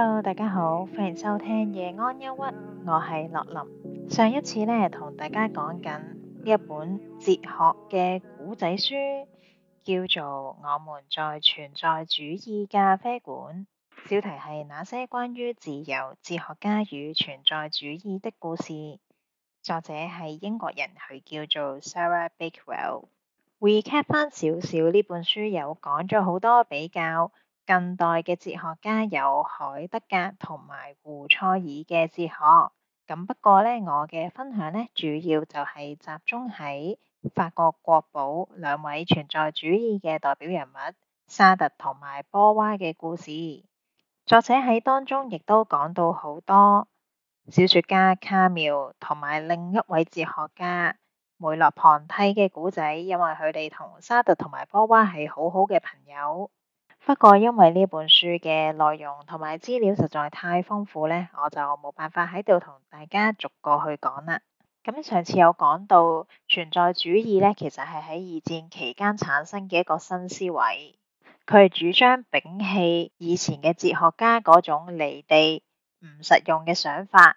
hello，大家好，歡迎收聽夜安憂鬱，我係樂林。上一次咧同大家講緊一本哲學嘅古仔書，叫做《我們在存在主義咖啡館》，標題係那些關於自由、哲學家與存在主義的故事，作者係英國人，佢叫做 Sarah Bakewell。recap 翻少少呢本書，有講咗好多比較。近代嘅哲學家有海德格同埋胡塞爾嘅哲學，咁不過呢，我嘅分享呢主要就係集中喺法國國寶兩位存在主義嘅代表人物沙特同埋波娃嘅故事。作者喺當中亦都講到好多小說家卡繆同埋另一位哲學家梅洛龐蒂嘅故仔，因為佢哋同沙特同埋波娃係好好嘅朋友。不過因為呢本書嘅內容同埋資料實在太豐富呢，我就冇辦法喺度同大家逐個去講啦。咁上次有講到存在主義呢，其實係喺二戰期間產生嘅一個新思維，佢主張摒棄以前嘅哲學家嗰種離地唔實用嘅想法，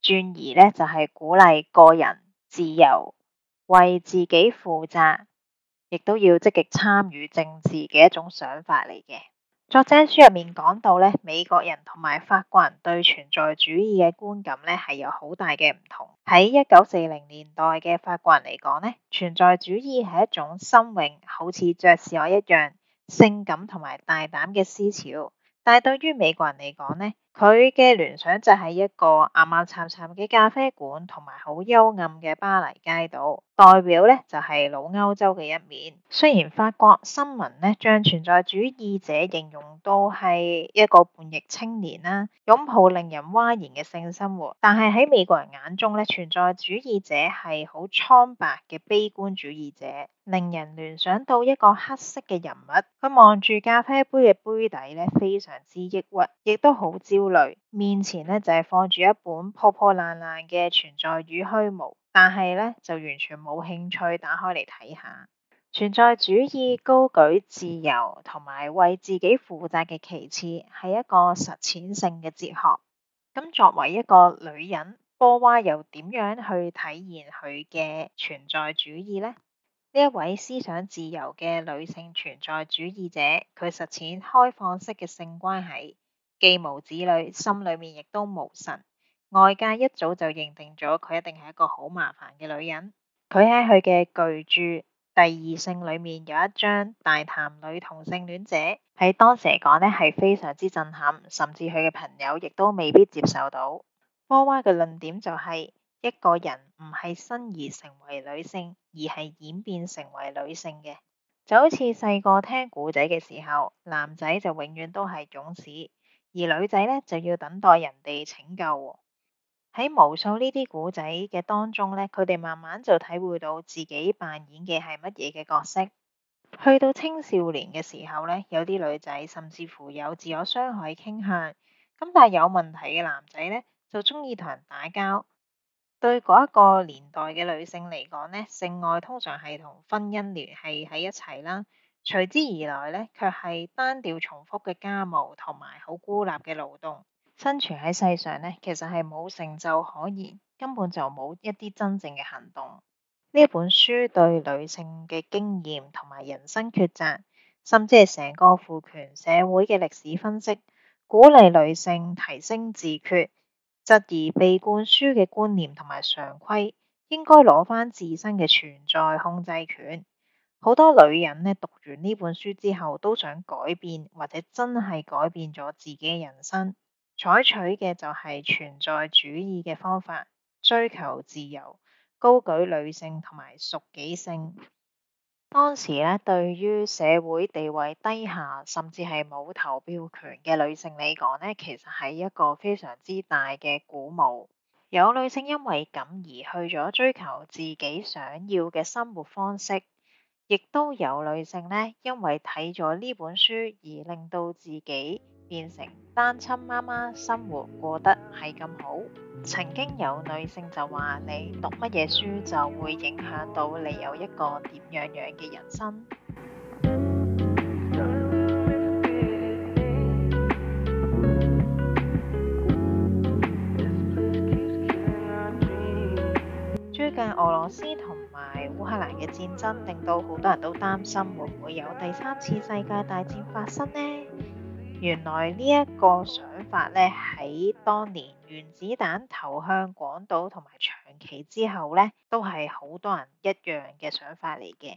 轉移呢，就係鼓勵個人自由，為自己負責。亦都要積極參與政治嘅一種想法嚟嘅。作者喺書入面講到呢，美國人同埋法國人對存在主義嘅觀感呢，係有好大嘅唔同。喺一九四零年代嘅法國人嚟講呢，存在主義係一種新穎，好似爵士樂一樣，性感同埋大膽嘅思潮。但係對於美國人嚟講呢，佢嘅聯想就係一個暗暗沉沉嘅咖啡館，同埋好幽暗嘅巴黎街道。代表咧就係老歐洲嘅一面。雖然法國新聞呢將存在主義者形容到係一個叛逆青年啦，擁抱令人譁然嘅性生活，但係喺美國人眼中咧，存在主義者係好蒼白嘅悲觀主義者，令人聯想到一個黑色嘅人物。佢望住咖啡杯嘅杯底咧，非常之抑鬱，亦都好焦慮。面前呢，就係放住一本破破爛爛嘅《存在與虛無》。但係咧，就完全冇興趣打開嚟睇下。存在主義高舉自由同埋為自己負責嘅旗幟，係一個實踐性嘅哲學。咁作為一個女人，波娃又點樣去體現佢嘅存在主義呢？呢一位思想自由嘅女性存在主義者，佢實踐開放式嘅性關係，既無子女，心裏面亦都無神。外界一早就認定咗佢一定係一個好麻煩嘅女人。佢喺佢嘅巨著《第二性》裏面有一章大談女同性戀者，喺當時嚟講呢係非常之震撼，甚至佢嘅朋友亦都未必接受到。波娃嘅論點就係、是、一個人唔係生而成為女性，而係演變成為女性嘅，就好似細個聽古仔嘅時候，男仔就永遠都係勇士，而女仔呢就要等待人哋拯救。喺無數呢啲古仔嘅當中呢，佢哋慢慢就體會到自己扮演嘅係乜嘢嘅角色。去到青少年嘅時候呢，有啲女仔甚至乎有自我傷害傾向。咁但係有問題嘅男仔呢，就鍾意同人打交。對嗰一個年代嘅女性嚟講呢，性愛通常係同婚姻聯繫喺一齊啦。隨之而來呢，卻係單調重複嘅家務，同埋好孤立嘅勞動。生存喺世上呢，其實係冇成就可言，根本就冇一啲真正嘅行動。呢一本書對女性嘅經驗同埋人生抉擇，甚至係成個父權社會嘅歷史分析，鼓勵女性提升自決，質疑被灌輸嘅觀念同埋常規，應該攞翻自身嘅存在控制權。好多女人呢，讀完呢本書之後，都想改變或者真係改變咗自己嘅人生。採取嘅就係存在主義嘅方法，追求自由，高舉女性同埋屬己性。當時呢，對於社會地位低下，甚至係冇投票權嘅女性嚟講呢，其實係一個非常之大嘅鼓舞。有女性因為咁而去咗追求自己想要嘅生活方式，亦都有女性呢，因為睇咗呢本書而令到自己。變成單親媽媽，生活過得唔係咁好。曾經有女性就話：你讀乜嘢書就會影響到你有一個點樣樣嘅人生。 最近俄羅斯同埋烏克蘭嘅戰爭，令到好多人都擔心會唔會有第三次世界大戰發生呢？原來呢一個想法呢，喺當年原子彈投向廣島同埋長崎之後呢，都係好多人一樣嘅想法嚟嘅，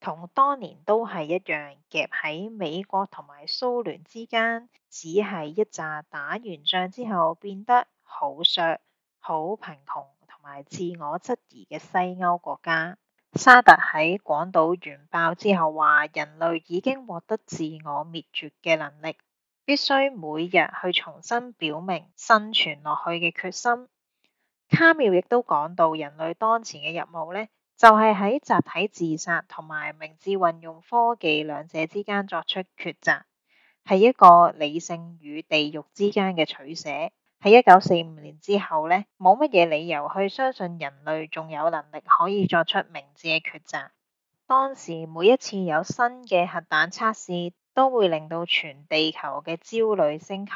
同當年都係一樣夾喺美國同埋蘇聯之間，只係一揸打完仗之後變得好削、好貧窮同埋自我質疑嘅西歐國家。沙特喺廣島原爆之後話：人類已經獲得自我滅絕嘅能力。必須每日去重新表明生存落去嘅決心。卡繆亦都講到，人類當前嘅任務呢就係喺集體自殺同埋明智運用科技兩者之間作出抉擇，係一個理性與地獄之間嘅取捨。喺一九四五年之後呢，冇乜嘢理由去相信人類仲有能力可以作出明智嘅抉擇。當時每一次有新嘅核彈測試都會令到全地球嘅焦慮升級，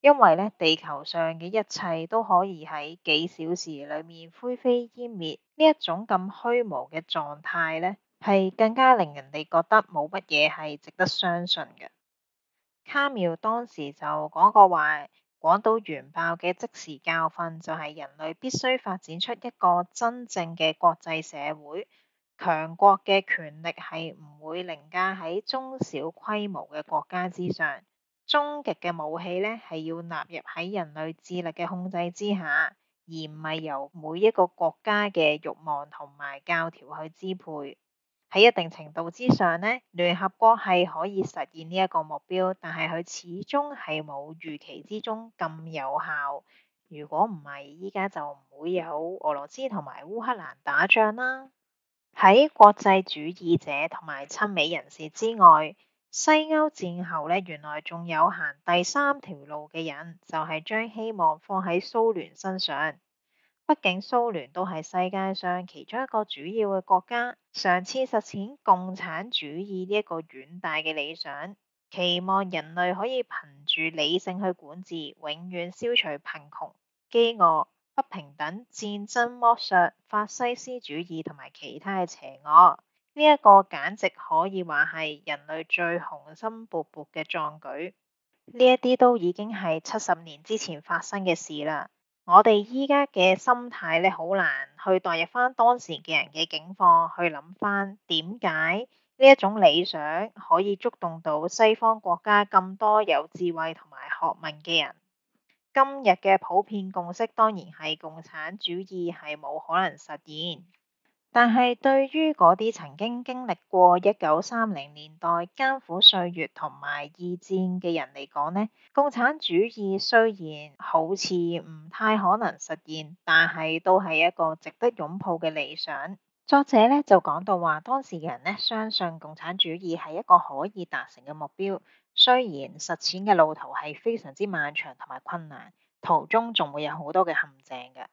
因為呢地球上嘅一切都可以喺幾小時裡面灰飛煙滅。呢一種咁虛無嘅狀態呢，係更加令人哋覺得冇乜嘢係值得相信嘅。卡妙當時就講過話，廣島原爆嘅即時教訓就係人類必須發展出一個真正嘅國際社會。強國嘅權力係唔會凌駕喺中小規模嘅國家之上。終極嘅武器呢，係要納入喺人類智力嘅控制之下，而唔係由每一個國家嘅慾望同埋教條去支配。喺一定程度之上呢，聯合國係可以實現呢一個目標，但係佢始終係冇預期之中咁有效。如果唔係，依家就唔會有俄羅斯同埋烏克蘭打仗啦。喺國際主義者同埋親美人士之外，西歐戰後咧，原來仲有行第三條路嘅人，就係將希望放喺蘇聯身上。畢竟蘇聯都係世界上其中一個主要嘅國家，上次實踐共產主義呢一個遠大嘅理想，期望人類可以憑住理性去管治，永遠消除貧窮、饑餓。不平等、戰爭、剝削、法西斯主義同埋其他嘅邪惡，呢、這、一個簡直可以話係人類最雄心勃勃嘅壯舉。呢一啲都已經係七十年之前發生嘅事啦。我哋依家嘅心態咧，好難去代入翻當時嘅人嘅境況，去諗翻點解呢一種理想可以觸動到西方國家咁多有智慧同埋學問嘅人。今日嘅普遍共識當然係共產主義係冇可能實現，但係對於嗰啲曾經經歷過一九三零年代艱苦歲月同埋二戰嘅人嚟講呢，共產主義雖然好似唔太可能實現，但係都係一個值得擁抱嘅理想。作者呢就講到話，當時嘅人呢相信共產主義係一個可以達成嘅目標。雖然實踐嘅路途係非常之漫長同埋困難，途中仲會有好多嘅陷阱嘅，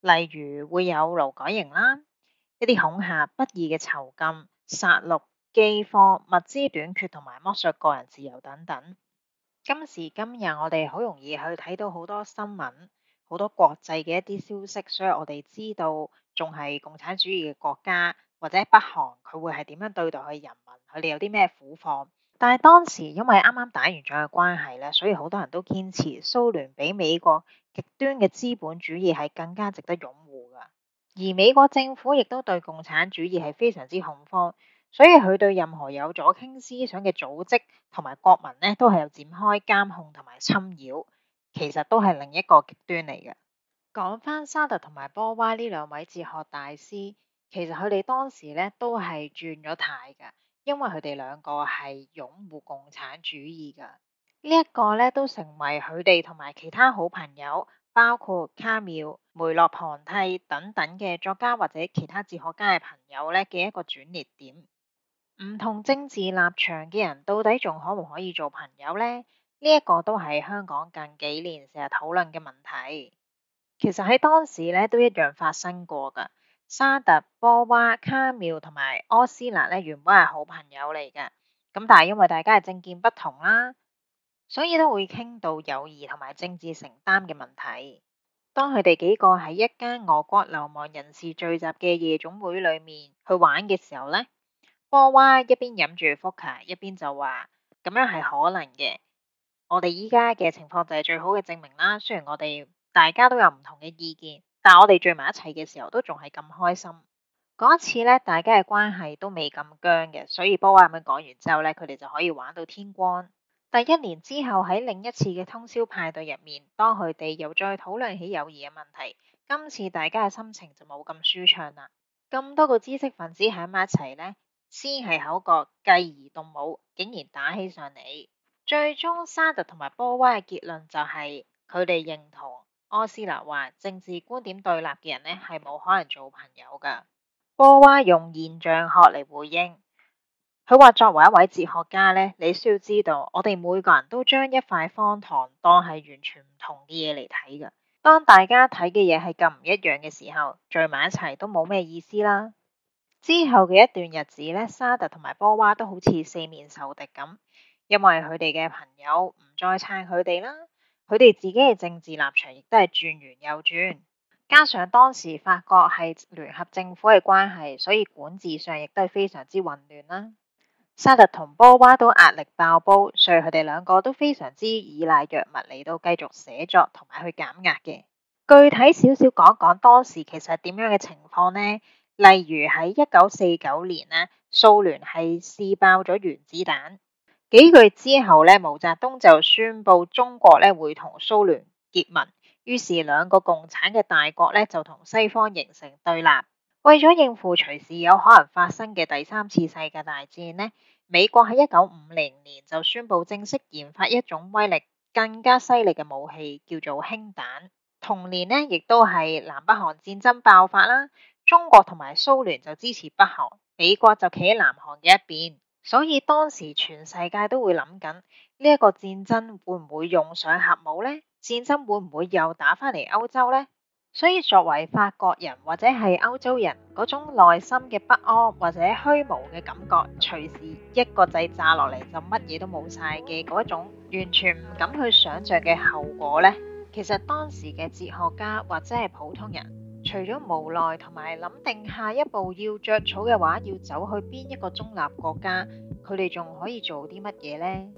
例如會有勞改營啦，一啲恐嚇、不義嘅囚禁，殺戮、饑荒、物資短缺同埋剝削個人自由等等。今時今日，我哋好容易去睇到好多新聞，好多國際嘅一啲消息，所以我哋知道仲係共產主義嘅國家或者北韓佢會係點樣對待佢人民，佢哋有啲咩苦況。但係當時，因為啱啱打完仗嘅關係咧，所以好多人都堅持蘇聯比美國極端嘅資本主義係更加值得擁護噶。而美國政府亦都對共產主義係非常之恐慌，所以佢對任何有左傾思想嘅組織同埋國民呢都係有展開監控同埋侵擾。其實都係另一個極端嚟嘅。講返沙特同埋波娃呢兩位哲學大師，其實佢哋當時呢都係轉咗態噶。因為佢哋兩個係擁護共產主義噶，呢一個呢，都成為佢哋同埋其他好朋友，包括卡妙、梅洛龐蒂等等嘅作家或者其他哲學家嘅朋友呢嘅一個轉捩點。唔同政治立場嘅人到底仲可唔可以做朋友呢？呢一個都係香港近幾年成日討論嘅問題。其實喺當時呢，都一樣發生過噶。沙特、波娃、卡繆同埋柯斯納咧，原本係好朋友嚟嘅。咁但係因為大家嘅政見不同啦，啊，所以都會傾到友誼同埋政治承擔嘅問題。當佢哋幾個喺一間俄國流亡人士聚集嘅夜總會裏面去玩嘅時候咧，波娃一邊飲住福卡，一邊就話：咁樣係可能嘅。我哋依家嘅情況就係最好嘅證明啦。雖然我哋大家都有唔同嘅意見。但我哋聚埋一齊嘅時候都仲係咁開心。嗰一次呢，大家嘅關係都未咁僵嘅，所以波娃咁樣講完之後呢，佢哋就可以玩到天光。但一年之後喺另一次嘅通宵派對入面，當佢哋又再討論起友誼嘅問題，今次大家嘅心情就冇咁舒暢啦。咁多個知識分子喺埋一齊呢，先係口角繼而動武，竟然打起上嚟。最終沙特同埋波娃嘅結論就係佢哋認同。柯斯納話：政治觀點對立嘅人呢係冇可能做朋友噶。波娃用現象學嚟回應，佢話作為一位哲學家呢，你需要知道，我哋每個人都將一塊方糖當係完全唔同嘅嘢嚟睇噶。當大家睇嘅嘢係咁唔一樣嘅時候，聚埋一齊都冇咩意思啦。之後嘅一段日子呢，沙特同埋波娃都好似四面受敵咁，因為佢哋嘅朋友唔再撐佢哋啦。佢哋自己嘅政治立場亦都係轉完又轉，加上當時法國係聯合政府嘅關係，所以管治上亦都係非常之混亂啦。沙特同波娃都壓力爆煲，所以佢哋兩個都非常之依賴藥物嚟到繼續寫作同埋去減壓嘅。具體少少講一講當時其實點樣嘅情況呢？例如喺一九四九年呢，蘇聯係試爆咗原子彈。幾個月之後咧，毛澤東就宣布中國咧會同蘇聯結盟，於是兩個共產嘅大國咧就同西方形成對立。為咗應付隨時有可能發生嘅第三次世界大戰呢，美國喺一九五零年就宣布正式研發一種威力更加犀利嘅武器，叫做氫彈。同年呢，亦都係南北韓戰爭爆發啦。中國同埋蘇聯就支持北韓，美國就企喺南韓嘅一邊。所以當時全世界都會諗緊呢一個戰爭會唔會用上核武呢？戰爭會唔會又打翻嚟歐洲呢？所以作為法國人或者係歐洲人嗰種內心嘅不安或者虛無嘅感覺，隨時一個掣炸落嚟就乜嘢都冇晒嘅嗰種，完全唔敢去想像嘅後果呢？其實當時嘅哲學家或者係普通人。除咗無奈同埋諗定下一步要著草嘅話，要走去邊一個中立國家？佢哋仲可以做啲乜嘢呢？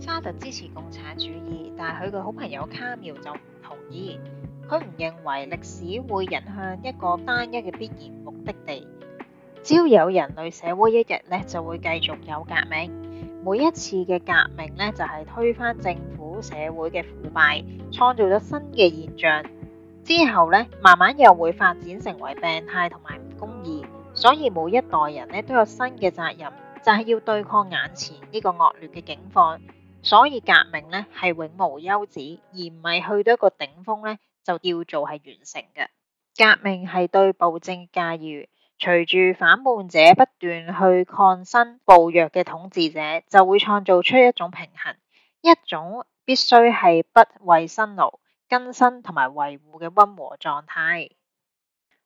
沙特支持共產主義，但係佢嘅好朋友卡妙就唔同意。佢唔認為歷史會引向一個單一嘅必然目的地。只要有人類社會一日呢，就會繼續有革命。每一次嘅革命呢，就係推翻政府社會嘅腐敗，創造咗新嘅現象。之後呢，慢慢又會發展成為病態同埋唔公義。所以每一代人呢都有新嘅責任，就係要對抗眼前呢個惡劣嘅境況。所以革命呢係永無休止，而唔係去到一個頂峰呢就叫做係完成嘅。革命係對暴政駕馭。隨住反叛者不斷去抗新暴虐嘅統治者，就會創造出一種平衡，一種必須係不畏辛勞更新同埋維護嘅温和狀態。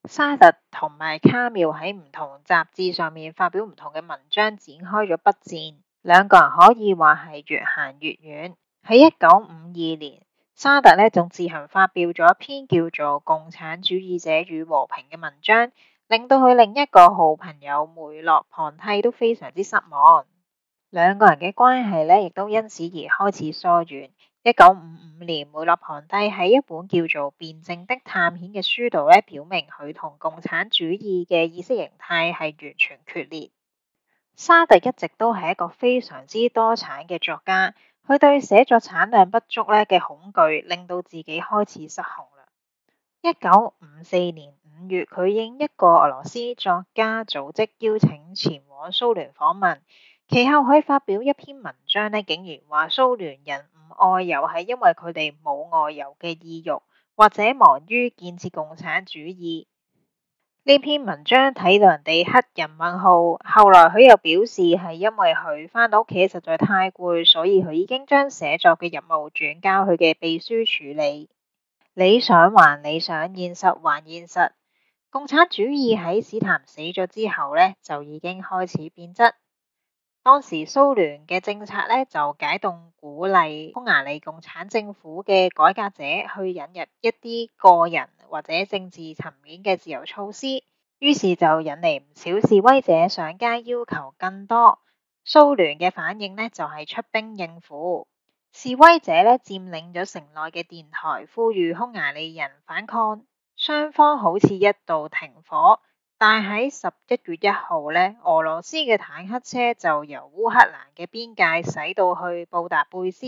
沙特同埋卡妙喺唔同雜誌上面發表唔同嘅文章，展開咗筆戰。兩個人可以話係越行越遠。喺一九五二年，沙特呢仲自行發表咗一篇叫做《共產主義者與和平》嘅文章。令到佢另一個好朋友梅洛龐蒂都非常之失望，兩個人嘅關係呢，亦都因此而開始疏遠。一九五五年，梅洛龐蒂喺一本叫做《辯證的探險》嘅書度呢，表明佢同共產主義嘅意識形態係完全決裂。沙特一直都係一個非常之多產嘅作家，佢對寫作產量不足呢嘅恐懼，令到自己開始失控啦。一九五四年，月佢應一個俄羅斯作家組織邀請前往蘇聯訪問，其後佢發表一篇文章咧，竟然話蘇聯人唔外遊係因為佢哋冇外遊嘅意欲，或者忙於建設共產主義。呢篇文章睇到人哋黑人問號，後來佢又表示係因為佢返到屋企實在太攰，所以佢已經將寫作嘅任務轉交佢嘅秘書處理。理想還理想，現實還現實。共產主義喺史坦死咗之後呢，就已經開始變質。當時蘇聯嘅政策呢，就解凍，鼓勵匈牙利共產政府嘅改革者去引入一啲個人或者政治層面嘅自由措施。於是就引嚟唔少示威者上街要求更多。蘇聯嘅反應呢，就係出兵應付。示威者，呢佔領咗城內嘅電台，呼籲匈牙利人反抗。雙方好似一度停火，但喺十一月一號呢，俄羅斯嘅坦克車就由烏克蘭嘅邊界駛到去布達佩斯，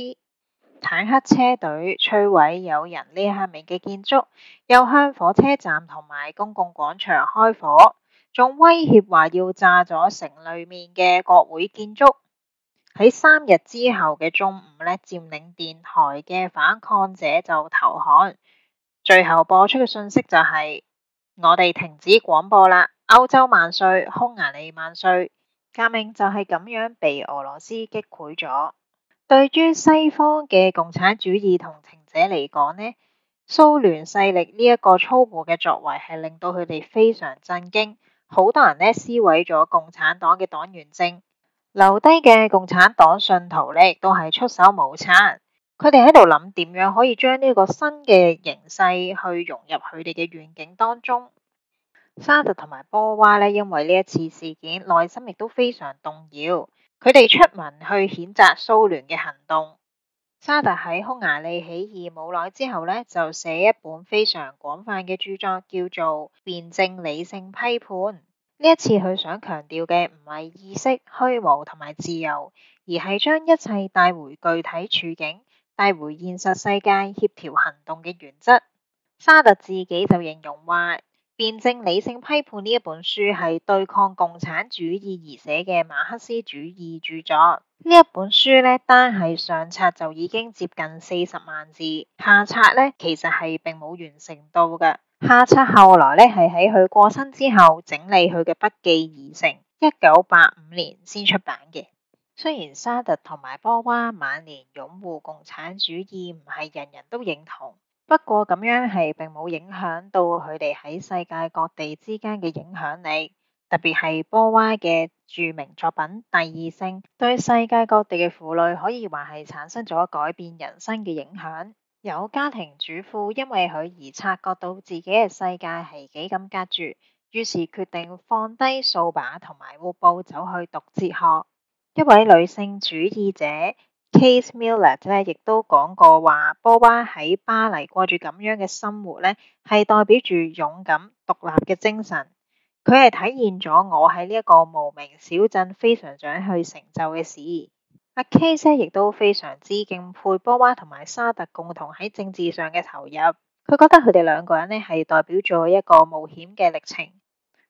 坦克車隊摧毀有人呢下面嘅建築，又向火車站同埋公共廣場開火，仲威脅話要炸咗城裏面嘅國會建築。喺三日之後嘅中午呢，佔領電台嘅反抗者就投降。最後播出嘅信息就係、是、我哋停止廣播啦！歐洲萬歲，匈牙利萬歲！革命就係咁樣被俄羅斯擊潰咗。對於西方嘅共產主義同情者嚟講呢，蘇聯勢力呢一個粗暴嘅作為係令到佢哋非常震驚。好多人呢撕毀咗共產黨嘅黨員證，留低嘅共產黨信徒呢亦都係束手無策。佢哋喺度諗點樣可以將呢個新嘅形勢去融入佢哋嘅願景當中。沙特同埋波娃呢，因為呢一次事件，內心亦都非常動搖。佢哋出文去譴責蘇聯嘅行動。沙特喺匈牙利起義冇耐之後呢，就寫一本非常廣泛嘅著作，叫做《辯證理性批判》。呢一次佢想強調嘅唔係意識虛無同埋自由，而係將一切帶回具體處境。帶回現實世界協調行動嘅原則。沙特自己就形容話，《辯證理性批判》呢一本書係對抗共產主義而寫嘅馬克思主義著作。呢一本書呢，單係上冊就已經接近四十萬字，下冊呢其實係並冇完成到嘅。下冊後來呢係喺佢過身之後整理佢嘅筆記而成，一九八五年先出版嘅。雖然沙特同埋波娃晚年擁護共產主義唔係人人都認同，不過咁樣係並冇影響到佢哋喺世界各地之間嘅影響力。特別係波娃嘅著名作品《第二性》，對世界各地嘅婦女可以話係產生咗改變人生嘅影響。有家庭主婦因為佢而察覺到自己嘅世界係幾咁隔住，於是決定放低掃把同埋抹布，走去讀哲學。一位女性主義者 Case Miller 亦都講過話，波娃喺巴黎過住咁樣嘅生活咧，係代表住勇敢獨立嘅精神。佢係體現咗我喺呢一個無名小鎮非常想去成就嘅事。阿 Case 亦都非常之敬佩波娃同埋沙特共同喺政治上嘅投入。佢覺得佢哋兩個人咧，係代表咗一個冒險嘅歷程。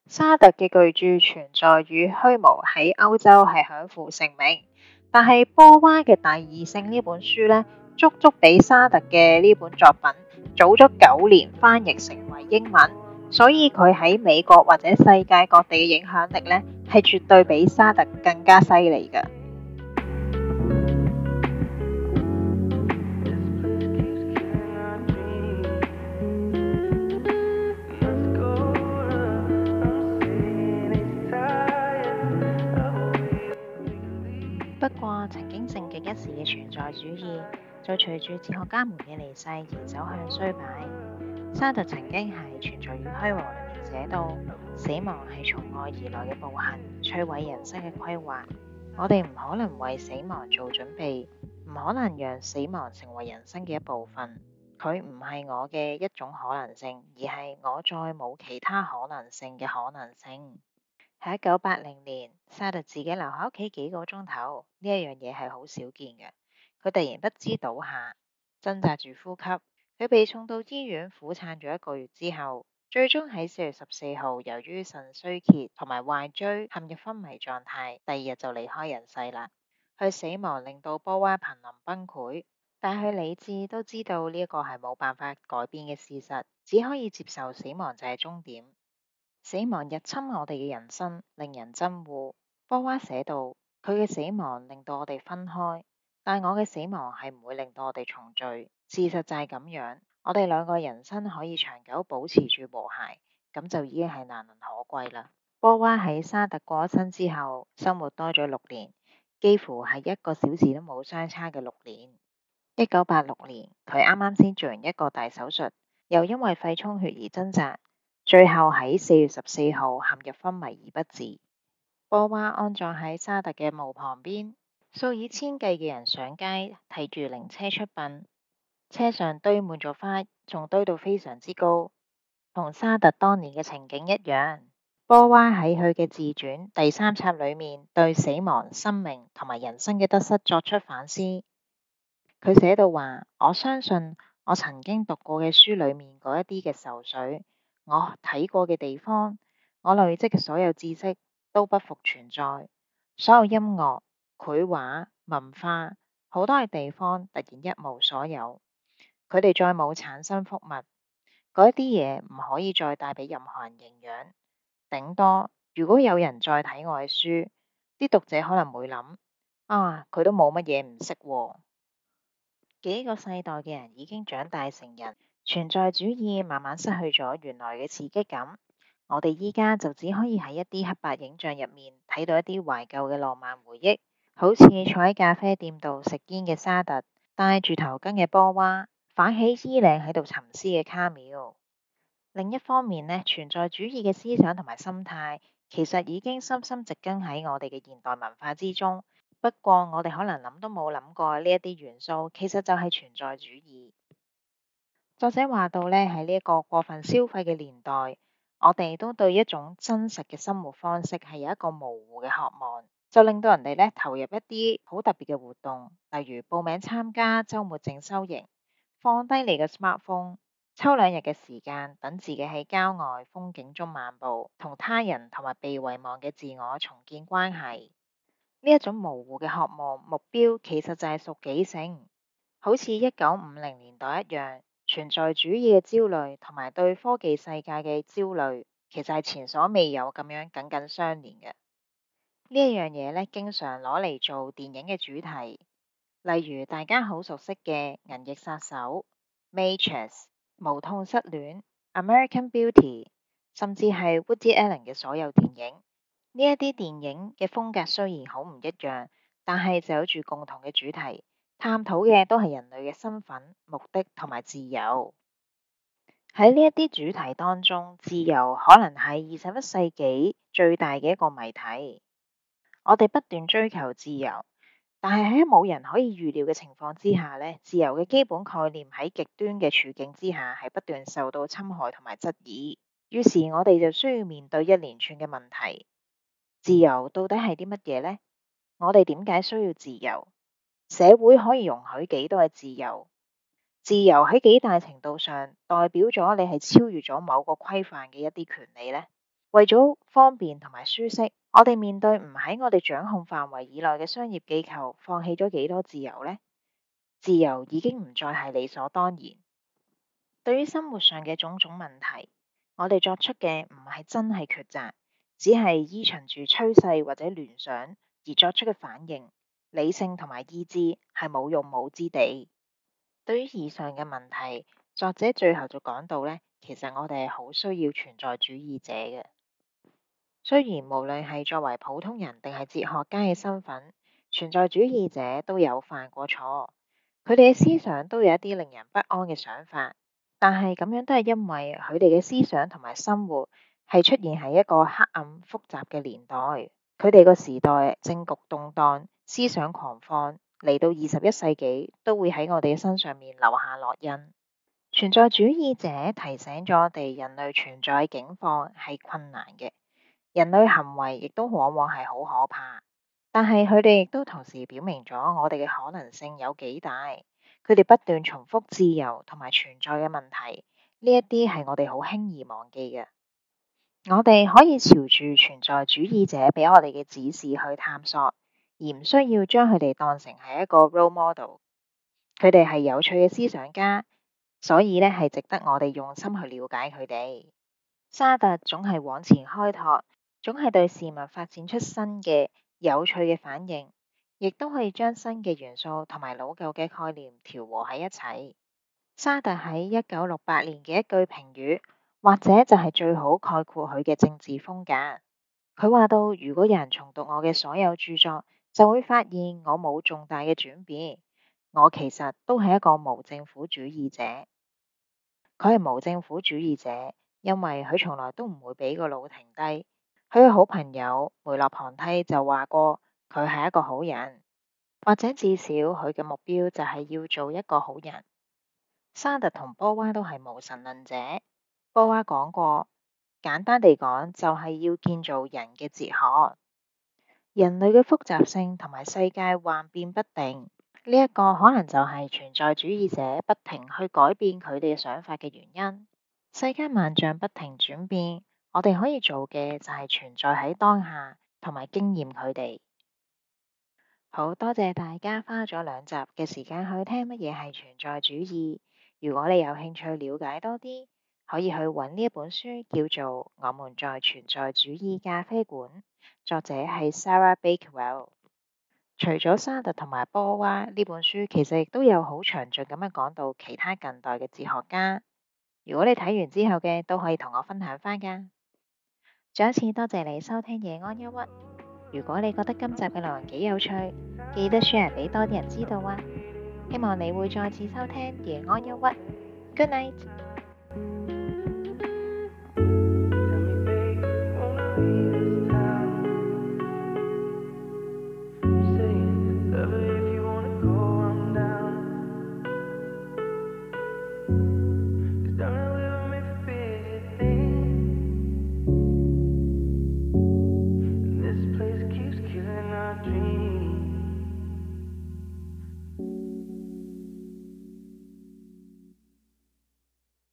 沙特嘅巨著《存在與虛無》喺歐洲係享負盛名，但係波娃嘅第二性呢本書呢，足足比沙特嘅呢本作品早咗九年翻譯成為英文，所以佢喺美國或者世界各地嘅影響力呢，係絕對比沙特更加犀利㗎。存在主義就隨住哲學家們嘅離世而走向衰敗。沙特曾經喺《存在與虛無》裏面寫到：死亡係從外而來嘅暴行，摧毀人生嘅規劃。我哋唔可能為死亡做準備，唔可能讓死亡成為人生嘅一部分。佢唔係我嘅一種可能性，而係我再冇其他可能性嘅可能性。喺一九八零年，沙特自己留喺屋企幾個鐘頭，呢一樣嘢係好少見嘅。佢突然不知倒下，掙扎住呼吸。佢被送到醫院，苦撐咗一個月之後，最終喺四月十四號，由於腎衰竭同埋壞疽陷入昏迷狀態，第二日就離開人世啦。佢死亡令到波娃瀕臨崩潰，但佢理智都知道呢一個係冇辦法改變嘅事實，只可以接受死亡就係終點。死亡入侵我哋嘅人生，令人憎惡。波娃寫道：佢嘅死亡令到我哋分開。但我嘅死亡係唔會令到我哋重聚，事實就係咁樣。我哋兩個人生可以長久保持住和諧，咁就已經係難能可貴啦。波娃喺沙特過咗身之後，生活多咗六年，幾乎係一個小時都冇相差嘅六年。一九八六年，佢啱啱先做完一個大手術，又因為肺充血而掙扎，最後喺四月十四號陷入昏迷而不治。波娃安葬喺沙特嘅墓旁邊。數以千計嘅人上街睇住靈車出殯，車上堆滿咗花，仲堆到非常之高，同沙特當年嘅情景一樣。波娃喺佢嘅自傳第三冊裏面，對死亡、生命同埋人生嘅得失作出反思。佢寫到話：「我相信我曾經讀過嘅書裏面嗰一啲嘅愁緒，我睇過嘅地方，我累積嘅所有知識都不復存在，所有音樂。繪畫、文化，好多嘅地方突然一無所有，佢哋再冇產生福物，嗰啲嘢唔可以再帶俾任何人營養。頂多如果有人再睇我嘅書，啲讀者可能會諗：啊，佢都冇乜嘢唔識。幾個世代嘅人已經長大成人，存在主義慢慢失去咗原來嘅刺激感。我哋依家就只可以喺一啲黑白影像入面睇到一啲懷舊嘅浪漫回憶。好似坐喺咖啡店度食煙嘅沙特，戴住頭巾嘅波娃，反起衣領喺度沉思嘅卡繆。另一方面咧，存在主義嘅思想同埋心態，其實已經深深植根喺我哋嘅現代文化之中。不過我哋可能諗都冇諗過呢一啲元素，其實就係存在主義。作者話到呢，喺呢一個過分消費嘅年代，我哋都對一種真實嘅生活方式係有一個模糊嘅渴望。就令到人哋呢投入一啲好特別嘅活動，例如報名參加周末靜修營，放低你嘅 smartphone，抽兩日嘅時間等自己喺郊外風景中漫步，同他人同埋被遺忘嘅自我重建關係。呢一種模糊嘅渴望目標其實就係屬幾性，好似一九五零年代一樣，存在主義嘅焦慮同埋對科技世界嘅焦慮其實係前所未有咁樣緊緊相連嘅。呢一樣嘢咧，經常攞嚟做電影嘅主題，例如大家好熟悉嘅《銀翼殺手》、《Matrix》、《無痛失戀》、《American Beauty》，甚至係 Woody Allen 嘅所有電影。呢一啲電影嘅風格雖然好唔一樣，但係就有住共同嘅主題，探討嘅都係人類嘅身份、目的同埋自由。喺呢一啲主題當中，自由可能係二十一世紀最大嘅一個謎題。我哋不斷追求自由，但係喺冇人可以預料嘅情況之下，呢自由嘅基本概念喺極端嘅處境之下，係不斷受到侵害同埋質疑。於是，我哋就需要面對一連串嘅問題：自由到底係啲乜嘢呢？我哋點解需要自由？社會可以容許幾多嘅自由？自由喺幾大程度上代表咗你係超越咗某個規範嘅一啲權利呢？為咗方便同埋舒適，我哋面對唔喺，我哋掌控範圍以內嘅商業機構，放棄咗幾多自由呢？自由已經唔再係理所當然。對於生活上嘅種種問題，我哋作出嘅唔係真係抉擇，只係依循住趨勢或者聯想而作出嘅反應。理性同埋意志係冇用武之地。對於以上嘅問題，作者最後就講到呢：其實我哋好需要存在主義者嘅。雖然無論係作為普通人定係哲學家嘅身份，存在主義者都有犯過錯，佢哋嘅思想都有一啲令人不安嘅想法，但係咁樣都係因為佢哋嘅思想同埋生活係出現喺一個黑暗複雜嘅年代，佢哋個時代政局動盪，思想狂放，嚟到二十一世紀都會喺我哋嘅身上面留下烙印。存在主義者提醒咗我哋人類存在境況係困難嘅。人類行為亦都往往係好可怕，但係佢哋亦都同時表明咗我哋嘅可能性有幾大。佢哋不斷重複自由同埋存在嘅問題，呢一啲係我哋好輕易忘記嘅。我哋可以朝住存在主義者俾我哋嘅指示去探索，而唔需要將佢哋當成係一個 role model。佢哋係有趣嘅思想家，所以呢係值得我哋用心去了解佢哋。沙特總係往前開拓。總係對事物發展出新嘅有趣嘅反應，亦都可以將新嘅元素同埋老舊嘅概念調和喺一齊。沙特喺一九六八年嘅一句評語，或者就係最好概括佢嘅政治風格。佢話到：如果有人重讀我嘅所有著作，就會發現我冇重大嘅轉變，我其實都係一個無政府主義者。佢係無政府主義者，因為佢從來都唔會俾個腦停低。佢嘅好朋友梅洛龐蒂就話過，佢係一個好人，或者至少佢嘅目標就係要做一個好人。沙特同波娃都係無神論者，波娃講過，簡單地講就係要建造人嘅哲學。人類嘅複雜性同埋世界幻變不定，呢一個可能就係存在主義者不停去改變佢哋嘅想法嘅原因。世界萬象不停轉變。我哋可以做嘅就係存在喺當下，同埋經驗佢哋。好多謝大家花咗兩集嘅時間去聽乜嘢係存在主義。如果你有興趣了解多啲，可以去揾呢一本書叫做《我們在存在主義咖啡館》，作者係 Sarah Bakewell。除咗沙特同埋波娃呢本書，其實亦都有好詳盡咁樣講到其他近代嘅哲學家。如果你睇完之後嘅，都可以同我分享翻噶。再一次多謝你收聽夜安憂鬱。如果你覺得今集嘅內容幾有趣，記得 share 俾多啲人知道啊！希望你會再次收聽夜安憂鬱。Good night。